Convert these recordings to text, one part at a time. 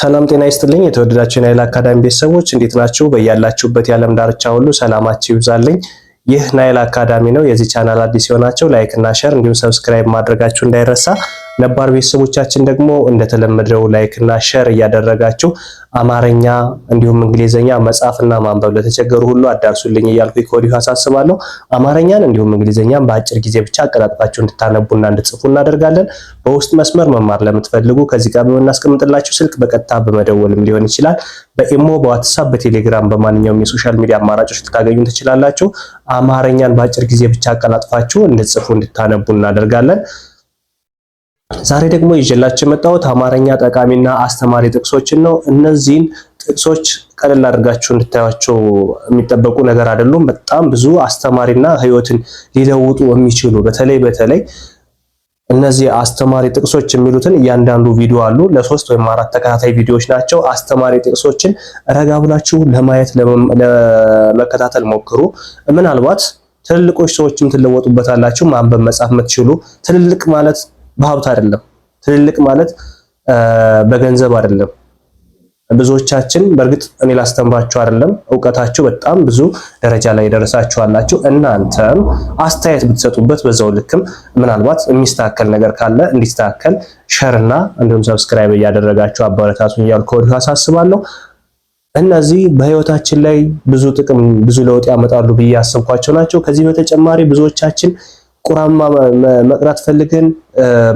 ሰላም ጤና ይስጥልኝ። የተወደዳችሁ ናይል አካዳሚ ቤተሰቦች እንዴት ናችሁ? በያላችሁበት የዓለም ዳርቻ ሁሉ ሰላማችሁ ይብዛልኝ። ይህ ናይል አካዳሚ ነው። የዚህ ቻናል አዲስ የሆናቸው ላይክ እና ሼር እንዲሁም ሰብስክራይብ ማድረጋችሁ እንዳይረሳ ነባር ቤተሰቦቻችን ደግሞ እንደተለመደው ላይክና ሸር እያደረጋችሁ አማርኛ እንዲሁም እንግሊዝኛ መጻፍና ማንበብ ለተቸገሩ ሁሉ አዳርሱልኝ እያልኩ ከወዲሁ አሳስባለሁ። አማርኛን እንዲሁም እንግሊዝኛን በአጭር ጊዜ ብቻ አቀላጥፋችሁ እንድታነቡና እንድትጽፉ እናደርጋለን። በውስጥ መስመር መማር ለምትፈልጉ ከዚህ ጋር በምናስቀምጥላችሁ ስልክ በቀጥታ በመደወልም ሊሆን ይችላል። በኢሞ፣ በዋትሳፕ፣ በቴሌግራም በማንኛውም የሶሻል ሚዲያ አማራጮች ልታገኙ ትችላላችሁ። አማርኛን በአጭር ጊዜ ብቻ አቀላጥፋችሁ እንድትጽፉ እንድታነቡ እናደርጋለን። ዛሬ ደግሞ ይዤላችሁ የመጣሁት አማርኛ ጠቃሚና አስተማሪ ጥቅሶችን ነው። እነዚህን ጥቅሶች ቀለል አድርጋችሁ እንድታያቸው የሚጠበቁ ነገር አይደሉም። በጣም ብዙ አስተማሪና ህይወትን ሊለውጡ የሚችሉ በተለይ በተለይ እነዚህ አስተማሪ ጥቅሶች የሚሉትን እያንዳንዱ ቪዲዮ አሉ። ለሶስት ወይም አራት ተከታታይ ቪዲዮዎች ናቸው። አስተማሪ ጥቅሶችን ረጋ ብላችሁ ለማየት ለመከታተል ሞክሩ። ምናልባት ትልልቆች ሰዎችም ትለወጡበታላችሁ። ማንበብ መጻፍ የምትችሉ ትልልቅ ማለት በሀብት አይደለም። ትልልቅ ማለት በገንዘብ አይደለም። ብዙዎቻችን በእርግጥ እኔ ላስተምራችሁ አይደለም፣ እውቀታችሁ በጣም ብዙ ደረጃ ላይ ደረሳችኋላችሁ። እናንተም አስተያየት ብትሰጡበት በዛው ልክም ምናልባት የሚስተካከል ነገር ካለ እንዲስተካከል ሸርና እንዲሁም ሰብስክራይብ እያደረጋችሁ አበረታቱን እያልኩ ከወዲሁ አሳስባለሁ። እነዚህ በህይወታችን ላይ ብዙ ጥቅም ብዙ ለውጥ ያመጣሉ ብዬ ያሰብኳቸው ናቸው። ከዚህ በተጨማሪ ብዙዎቻችን ቁራማ መቅራት ፈልገን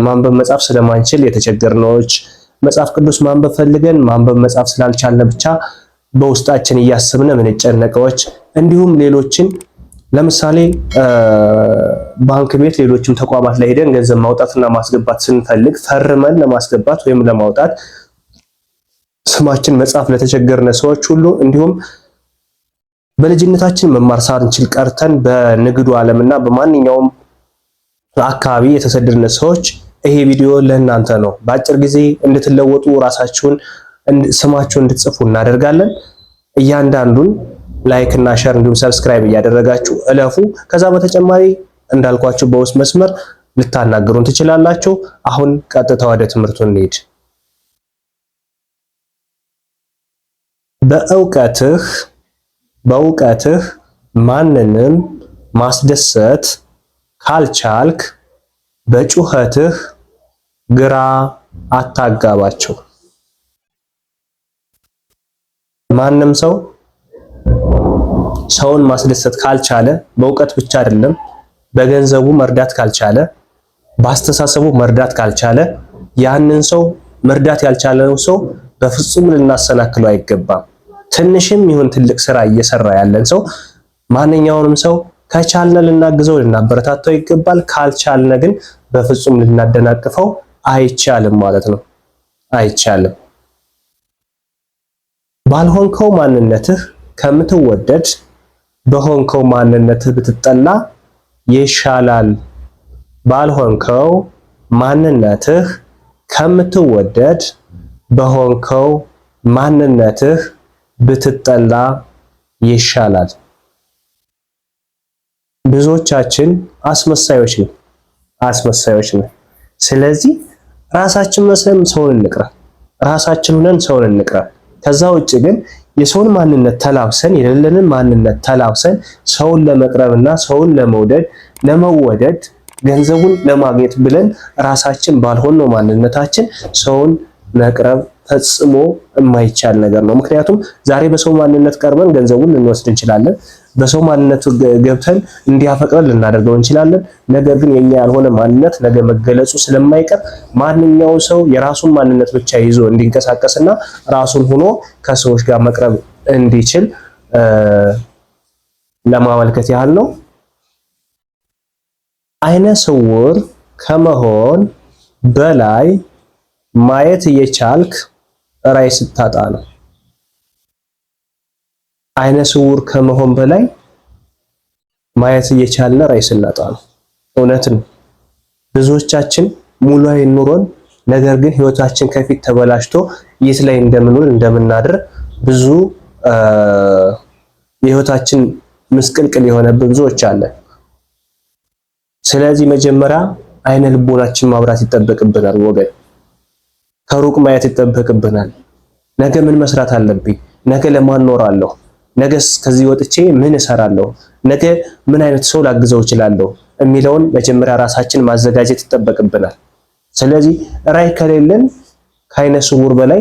ማንበብ መጻፍ ስለማንችል የተቸገርነዎች፣ መጽሐፍ ቅዱስ ማንበብ ፈልገን ማንበብ መጻፍ ስላልቻልን ብቻ በውስጣችን እያስብን ምንጨነቀዎች፣ እንዲሁም ሌሎችን ለምሳሌ ባንክ ቤት፣ ሌሎችም ተቋማት ላይ ሄደን ገንዘብ ማውጣትና ማስገባት ስንፈልግ ፈርመን ለማስገባት ወይም ለማውጣት ስማችን መጻፍ ለተቸገርነ ሰዎች ሁሉ እንዲሁም በልጅነታችን መማር ሳንችል ቀርተን በንግዱ ዓለምና በማንኛውም አካባቢ የተሰደድነት ሰዎች ይሄ ቪዲዮ ለእናንተ ነው። በአጭር ጊዜ እንድትለወጡ ራሳችሁን ስማችሁን እንድትጽፉ እናደርጋለን። እያንዳንዱን ላይክ እና ሸር እንዲሁም ሰብስክራይብ እያደረጋችሁ እለፉ። ከዛ በተጨማሪ እንዳልኳችሁ በውስጥ መስመር ልታናግሩን ትችላላችሁ። አሁን ቀጥታ ወደ ትምህርቱ እንሄድ በእውቀትህ በእውቀትህ ማንንም ማስደሰት ካልቻልክ በጩኸትህ ግራ አታጋባቸው። ማንም ሰው ሰውን ማስደሰት ካልቻለ በእውቀት ብቻ አይደለም፣ በገንዘቡ መርዳት ካልቻለ፣ በአስተሳሰቡ መርዳት ካልቻለ ያንን ሰው መርዳት ያልቻለው ሰው በፍጹም ልናሰናክለው አይገባም። ትንሽም ይሁን ትልቅ ስራ እየሰራ ያለን ሰው ማንኛውንም ሰው ከቻልነ ልናግዘው ልናበረታታው ይገባል። ካልቻልነ ግን በፍጹም ልናደናቅፈው አይቻልም ማለት ነው። አይቻልም። ባልሆንከው ማንነትህ ከምትወደድ በሆንከው ማንነትህ ብትጠላ ይሻላል። ባልሆንከው ማንነትህ ከምትወደድ በሆንከው ማንነትህ ብትጠላ ይሻላል። ብዙዎቻችን አስመሳዮች ነው አስመሳዮች ነው። ስለዚህ ራሳችን መስለን ሰውን እንቅራ፣ ራሳችን ሆነን ሰውን እንቅረ ከዛ ውጭ ግን የሰውን ማንነት ተላብሰን የሌለንን ማንነት ተላብሰን ሰውን ለመቅረብና ሰውን ለመውደድ ለመወደድ ገንዘቡን ለማግኘት ብለን ራሳችን ባልሆነው ማንነታችን ሰውን መቅረብ ፈጽሞ የማይቻል ነገር ነው። ምክንያቱም ዛሬ በሰው ማንነት ቀርበን ገንዘቡን ልንወስድ እንችላለን። በሰው ማንነቱ ገብተን እንዲያፈቅረን ልናደርገው እንችላለን። ነገር ግን የኛ ያልሆነ ማንነት ነገ መገለጹ ስለማይቀር ማንኛው ሰው የራሱን ማንነት ብቻ ይዞ እንዲንቀሳቀስና ራሱን ሆኖ ከሰዎች ጋር መቅረብ እንዲችል ለማመልከት ያህል ነው። አይነ ስውር ከመሆን በላይ ማየት እየቻልክ ራዕይ ስታጣ ነው። አይነ ስውር ከመሆን በላይ ማየት እየቻልን ራይ ስናጣ ነው። እውነት ነው። ብዙዎቻችን ሙሉዊ ኑሮን ነገር ግን ህይወታችን ከፊት ተበላሽቶ የት ላይ እንደምንውል እንደምናድር ብዙ የህይወታችን ምስቅልቅል የሆነብን ብዙዎች አለን። ስለዚህ መጀመሪያ አይነ ልቦናችን ማብራት ይጠበቅብናል። ወገን ከሩቅ ማየት ይጠበቅብናል። ነገ ምን መስራት አለብኝ? ነገ ለማን አለው? ነገስ ከዚህ ወጥቼ ምን እሰራለሁ፣ ነገ ምን አይነት ሰው ላግዘው እችላለሁ የሚለውን መጀመሪያ ራሳችን ማዘጋጀት ይጠበቅብናል። ስለዚህ ራይ ከሌለን ከአይነ ስውር በላይ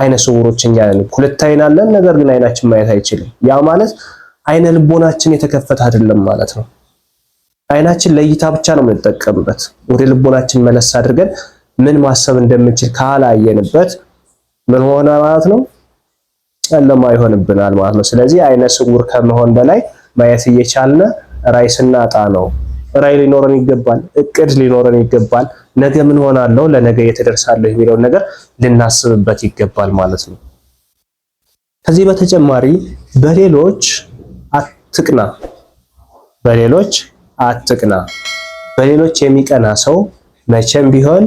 አይነ ስውሮች እኛ ነን። ሁለት አይን አለን፣ ነገር ግን አይናችን ማየት አይችልም። ያ ማለት አይነ ልቦናችን የተከፈተ አይደለም ማለት ነው። አይናችን ለእይታ ብቻ ነው የምንጠቀምበት። ወደ ልቦናችን መለስ አድርገን ምን ማሰብ እንደምንችል ካላየንበት ምን ሆነ ማለት ነው ጨለማ ይሆንብናል ማለት ነው። ስለዚህ አይነ ስውር ከመሆን በላይ ማየት እየቻልን ራይ ስናጣ ነው። ራይ ሊኖረን ይገባል። እቅድ ሊኖረን ይገባል። ነገ ምን ሆናለሁ፣ ለነገ የተደርሳለሁ የሚለውን ነገር ልናስብበት ይገባል ማለት ነው። ከዚህ በተጨማሪ በሌሎች አትቅና፣ በሌሎች አትቅና። በሌሎች የሚቀና ሰው መቼም ቢሆን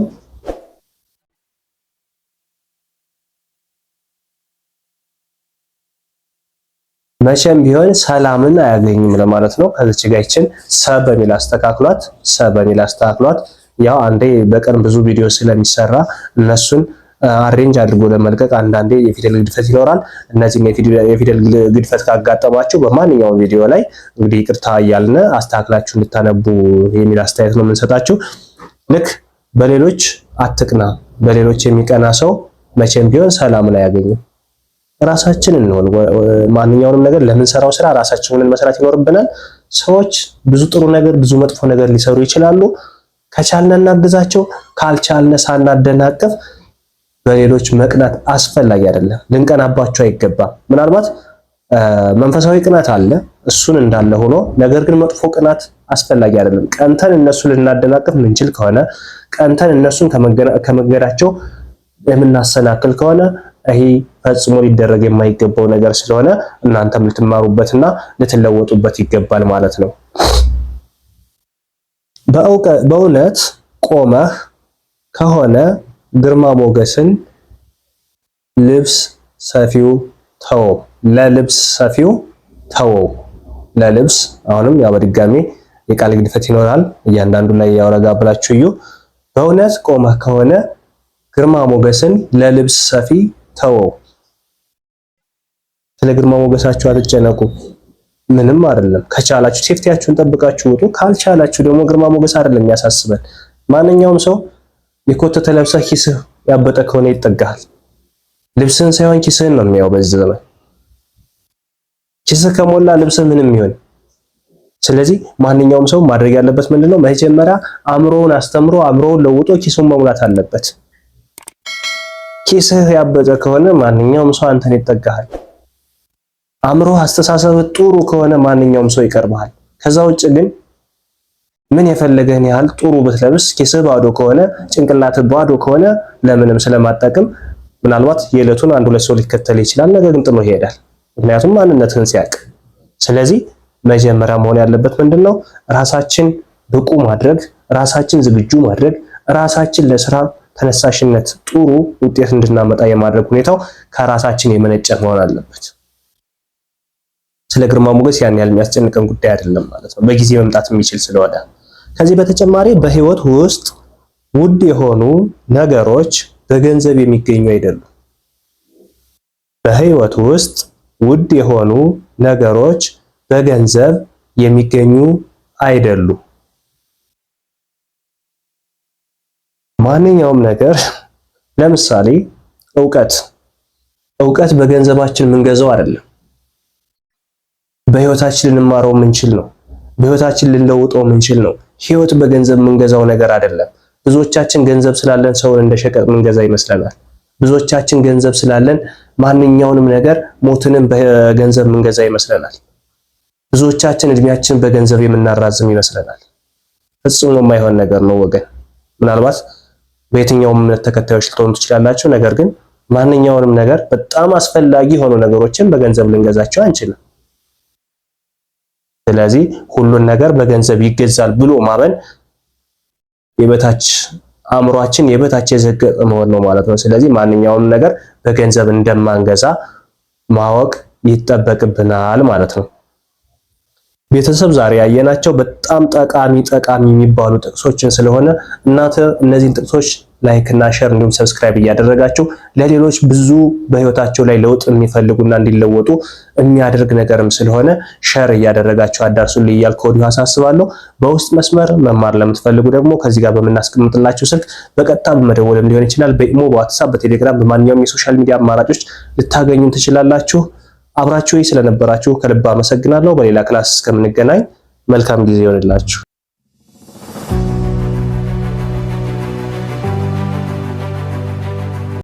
መቼም ቢሆን ሰላምን አያገኝም ለማለት ነው። ከዚች ጋር ይችን ሰ በሚል አስተካክሏት፣ ሰ በሚል አስተካክሏት። ያው አንዴ በቀን ብዙ ቪዲዮ ስለሚሰራ እነሱን አሬንጅ አድርጎ ለመልቀቅ አንዳንዴ የፊደል ግድፈት ይኖራል። እነዚህም የፊደል ግድፈት ካጋጠማችሁ በማንኛውም ቪዲዮ ላይ እንግዲህ ይቅርታ እያልን አስተካክላችሁ እንድታነቡ የሚል አስተያየት ነው የምንሰጣችሁ። ልክ በሌሎች አትቅና፣ በሌሎች የሚቀና ሰው መቼም ቢሆን ሰላምን አያገኝም። ራሳችን እንሆን። ማንኛውንም ነገር ለምንሰራው ስራ ራሳችንን መስራት ይኖርብናል። ሰዎች ብዙ ጥሩ ነገር፣ ብዙ መጥፎ ነገር ሊሰሩ ይችላሉ። ከቻልነ እናግዛቸው፣ ካልቻልነ ሳናደናቀፍ በሌሎች መቅናት አስፈላጊ አይደለም። ልንቀናባቸው አይገባም። ምናልባት መንፈሳዊ ቅናት አለ፣ እሱን እንዳለ ሆኖ ነገር ግን መጥፎ ቅናት አስፈላጊ አይደለም። ቀንተን እነሱን ልናደናቅፍ ምንችል ከሆነ ቀንተን እነሱን ከመንገዳቸው የምናሰናክል ከሆነ ይሄ ፈጽሞ ሊደረግ የማይገባው ነገር ስለሆነ እናንተም ልትማሩበትና ልትለወጡበት ይገባል ማለት ነው። በእውነት ቆመህ ከሆነ ግርማ ሞገስን ልብስ ሰፊው ተወው፣ ለልብስ ሰፊው ተወው፣ ለልብስ አሁንም ያው በድጋሚ የቃል ግድፈት ይኖራል። እያንዳንዱ ላይ ያወረጋ ብላችሁ እዩ። በእውነት ቆመህ ከሆነ ግርማ ሞገስን ለልብስ ሰፊ ተወው። ስለ ግርማ ሞገሳችሁ አትጨነቁ። ምንም አይደለም። ከቻላችሁ ሴፍቲያችሁን ጠብቃችሁ ውጡ። ካልቻላችሁ ደግሞ ግርማ ሞገስ አይደለም ያሳስበን። ማንኛውም ሰው የኮተተ ለብሰህ ኪስህ ያበጠ ከሆነ ይጠጋል? ልብስህን ሳይሆን ኪስህን ነው የሚያው በዚህ ዘመን። ኪስህ ከሞላ ልብስህ ምንም ይሆን። ስለዚህ ማንኛውም ሰው ማድረግ ያለበት ምንድነው? መጀመሪያ አእምሮውን አስተምሮ አእምሮውን ለውጦ ኪሱን መሙላት አለበት። ኪስህ ያበጠ ከሆነ ማንኛውም ሰው አንተን ይጠጋሃል። አምሮ አስተሳሰብ ጥሩ ከሆነ ማንኛውም ሰው ይቀርብሃል። ከዛ ውጭ ግን ምን የፈለገህን ያህል ጥሩ ብትለብስ ኪስህ ባዶ ከሆነ ጭንቅላት ባዶ ከሆነ ለምንም ስለማጠቅም ምናልባት የዕለቱን አንድ ሁለት ሰው ሊከተል ይችላል። ነገር ግን ጥሎ ይሄዳል። ምክንያቱም ማንነትህን ሲያውቅ። ስለዚህ መጀመሪያ መሆን ያለበት ምንድነው? ራሳችን ብቁ ማድረግ፣ ራሳችን ዝግጁ ማድረግ፣ ራሳችን ለስራ ተነሳሽነት፣ ጥሩ ውጤት እንድናመጣ የማድረግ ሁኔታው ከራሳችን የመነጨ መሆን አለበት። ስለ ግርማ ሞገስ ያን ያህል የሚያስጨንቀን ጉዳይ አይደለም ማለት ነው፣ በጊዜ መምጣት የሚችል ስለሆነ። ከዚህ በተጨማሪ በህይወት ውስጥ ውድ የሆኑ ነገሮች በገንዘብ የሚገኙ አይደሉም። በህይወት ውስጥ ውድ የሆኑ ነገሮች በገንዘብ የሚገኙ አይደሉም። ማንኛውም ነገር ለምሳሌ እውቀት እውቀት በገንዘባችን የምንገዛው አይደለም። በህይወታችን ልንማረው የምንችል ነው። በህይወታችን ልንለውጠው የምንችል ነው። ህይወት በገንዘብ የምንገዛው ነገር አይደለም። ብዙዎቻችን ገንዘብ ስላለን ሰውን እንደ ሸቀጥ የምንገዛ ይመስለናል። ብዙዎቻችን ገንዘብ ስላለን ማንኛውንም ነገር ሞትንም በገንዘብ የምንገዛ ይመስለናል። ብዙዎቻችን እድሜያችን በገንዘብ የምናራዝም ይመስለናል። ፍጹም የማይሆን ነገር ነው ወገን ምናልባት በየትኛውም እምነት ተከታዮች ልትሆኑ ትችላላችሁ። ነገር ግን ማንኛውንም ነገር በጣም አስፈላጊ የሆኑ ነገሮችን በገንዘብ ልንገዛቸው አንችልም። ስለዚህ ሁሉን ነገር በገንዘብ ይገዛል ብሎ ማመን የበታች አእምሯችን የበታች የዘገጠ መሆን ነው ማለት ነው። ስለዚህ ማንኛውንም ነገር በገንዘብ እንደማንገዛ ማወቅ ይጠበቅብናል ማለት ነው። ቤተሰብ ዛሬ ያየናቸው በጣም ጠቃሚ ጠቃሚ የሚባሉ ጥቅሶችን ስለሆነ እናንተ እነዚህን ጥቅሶች ላይክ እና ሼር እንዲሁም ሰብስክራይብ እያደረጋችሁ ለሌሎች ብዙ በህይወታቸው ላይ ለውጥ የሚፈልጉና እንዲለወጡ የሚያደርግ ነገርም ስለሆነ ሸር እያደረጋችሁ አዳርሱልኝ እያልኩ ከወዲሁ አሳስባለሁ። በውስጥ መስመር መማር ለምትፈልጉ ደግሞ ከዚህ ጋር በምናስቀምጥላችሁ ስልክ በቀጥታ በመደወልም ሊሆን ይችላል። በኢሞ፣ በዋትሳፕ፣ በቴሌግራም በማንኛውም የሶሻል ሚዲያ አማራጮች ልታገኙን ትችላላችሁ። አብራችሁ ስለነበራችሁ ከልብ አመሰግናለሁ። በሌላ ክላስ እስከምንገናኝ መልካም ጊዜ ይሆንላችሁ።